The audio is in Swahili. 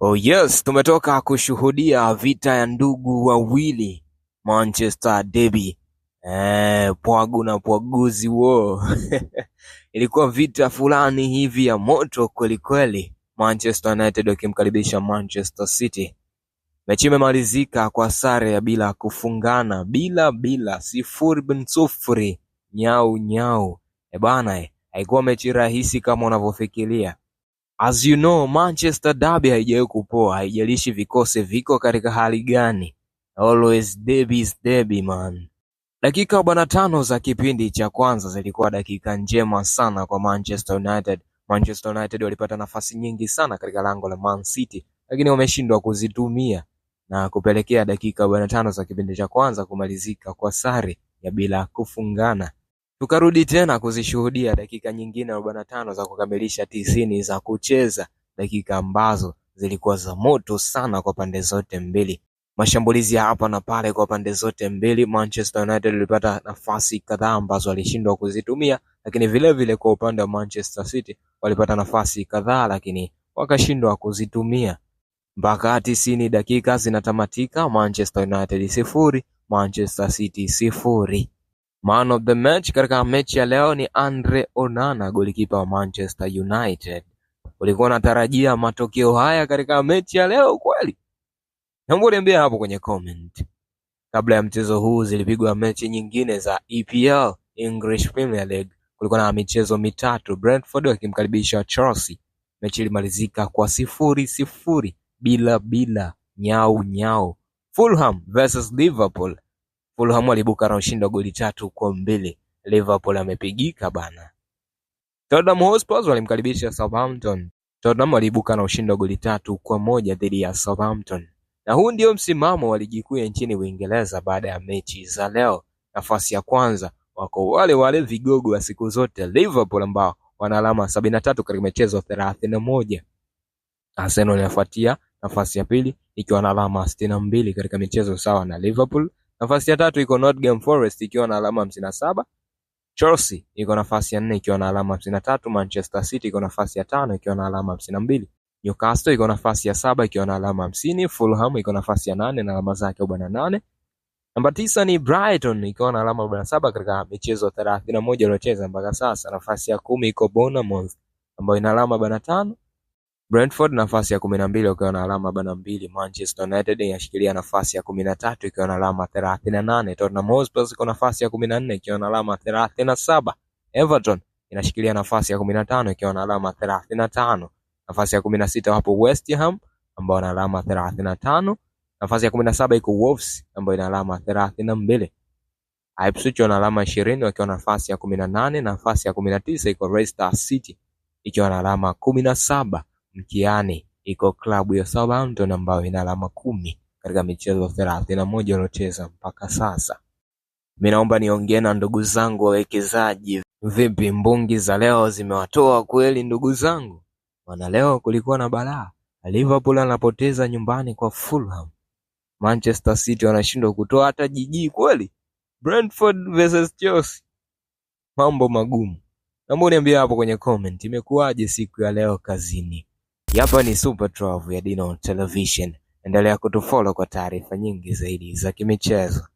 oh yes tumetoka kushuhudia vita ya ndugu wawili manchester derby eh, pwagu na pwaguzi wo ilikuwa vita fulani hivi ya moto kwelikweli manchester united wakimkaribisha manchester city mechi imemalizika kwa sare ya bila kufungana bila bila sifuri bin sufuri nyau nyau ebana eh, eh, haikuwa mechi rahisi kama unavyofikiria as you know manchester derby haijawahi kupoa haijalishi vikosi viko katika hali gani always derby is derby man dakika arobaini tano za kipindi cha kwanza zilikuwa dakika njema sana kwa manchester united manchester united walipata nafasi nyingi sana katika lango la man city lakini wameshindwa kuzitumia na kupelekea dakika 45 tano za kipindi cha kwanza kumalizika kwa sare ya bila kufungana tukarudi tena kuzishuhudia dakika nyingine 45 za kukamilisha tisini za kucheza dakika ambazo zilikuwa za moto sana kwa pande zote mbili mashambulizi ya hapa na pale kwa pande zote mbili. Manchester United ilipata nafasi kadhaa ambazo walishindwa kuzitumia, lakini vilevile vile kwa upande wa Manchester City walipata nafasi kadhaa, lakini wakashindwa kuzitumia mpaka tisini dakika zinatamatika, Manchester United sifuri Manchester City sifuri man of the match katika mechi ya leo ni andre onana golikipa wa manchester united ulikuwa unatarajia matokeo haya katika mechi ya leo kweli hebu niambie hapo kwenye comment kabla ya mchezo huu zilipigwa mechi nyingine za epl english premier league kulikuwa na michezo mitatu brentford wakimkaribisha chelsea mechi ilimalizika kwa sifuri sifuri bila bila nyau nyau fulham versus liverpool Fulham aliibuka na ushindi wa goli tatu kwa mbili. Liverpool amepigika bana. Tottenham Hotspur walimkaribisha Southampton. Tottenham waliibuka na ushindi wa goli tatu kwa moja dhidi ya Southampton, na huu ndio msimamo wa ligi kuu ya nchini Uingereza baada ya mechi za leo. Nafasi ya kwanza wako wale wale vigogo wa siku zote Liverpool ambao wana alama 73 katika michezo 31. Arsenal inafuatia nafasi ya pili ikiwa na alama 62 katika michezo sawa na Liverpool Nafasi ya tatu iko Nottingham Forest ikiwa na alama hamsini na saba. Chelsea iko nafasi ya nne ikiwa na alama hamsini na tatu. Manchester City iko nafasi ya tano ikiwa na alama hamsini na mbili. Newcastle iko nafasi ya saba ikiwa na alama hamsini. Fulham iko nafasi ya nane na alama zake arobaini na nane. Namba tisa ni Brighton ikiwa na alama arobaini na saba katika michezo thelathini na moja iliyocheza mpaka sasa. Nafasi ya kumi iko Bournemouth ambayo ina alama arobaini na tano. Brentford nafasi ya kumi na mbili wakiwa na alama arobaini na mbili Manchester United inashikilia nafasi ya kumi na tatu ikiwa na alama thelathini na nane Tottenham Hotspur iko nafasi ya kumi na nne ikiwa na alama thelathini na saba Everton inashikilia nafasi ya kumi na tano ikiwa na alama thelathini na tano Nafasi ya kumi na sita wapo West Ham ambao na alama thelathini na tano Nafasi ya kumi na saba iko Wolves ambayo ina alama thelathini na mbili Ipswich wana alama ishirini wakiwa na nafasi ya kumi na nane Nafasi ya kumi na tisa iko Leicester City ikiwa na alama kumi na saba Mkiani iko klabu ya Southampton ambayo ina alama kumi katika michezo thelathini na moja iliyocheza mpaka sasa. Mimi naomba niongee na ndugu zangu wawekezaji. Vipi, mbungi za leo zimewatoa kweli ndugu zangu? Maana leo kulikuwa na balaa. Liverpool anapoteza nyumbani kwa Fulham. Manchester City wanashindwa kutoa hata jiji kweli. Brentford versus Chelsea. Mambo magumu. Naomba uniambie hapo kwenye comment imekuwaje siku ya leo kazini. Hapa ni Super Trove ya Dino Television endelea kutufollow kwa taarifa nyingi zaidi za kimichezo